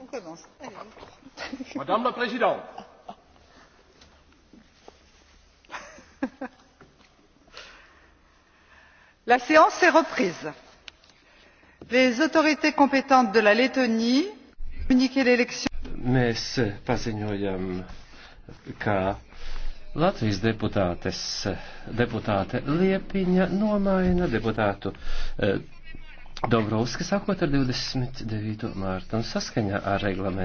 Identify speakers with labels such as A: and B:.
A: On commence. Allez.
B: Madame la Présidente.
A: La séance est reprise. Les autorités compétentes de la Lettonie communiqué l'élection.
C: Mēs paziņojam, ka Latvijas deputātes, deputāte Liepiņa nomaina deputātu eh, Dombrovskis sākot ar 29. mārtu un saskaņā ar reglamentu.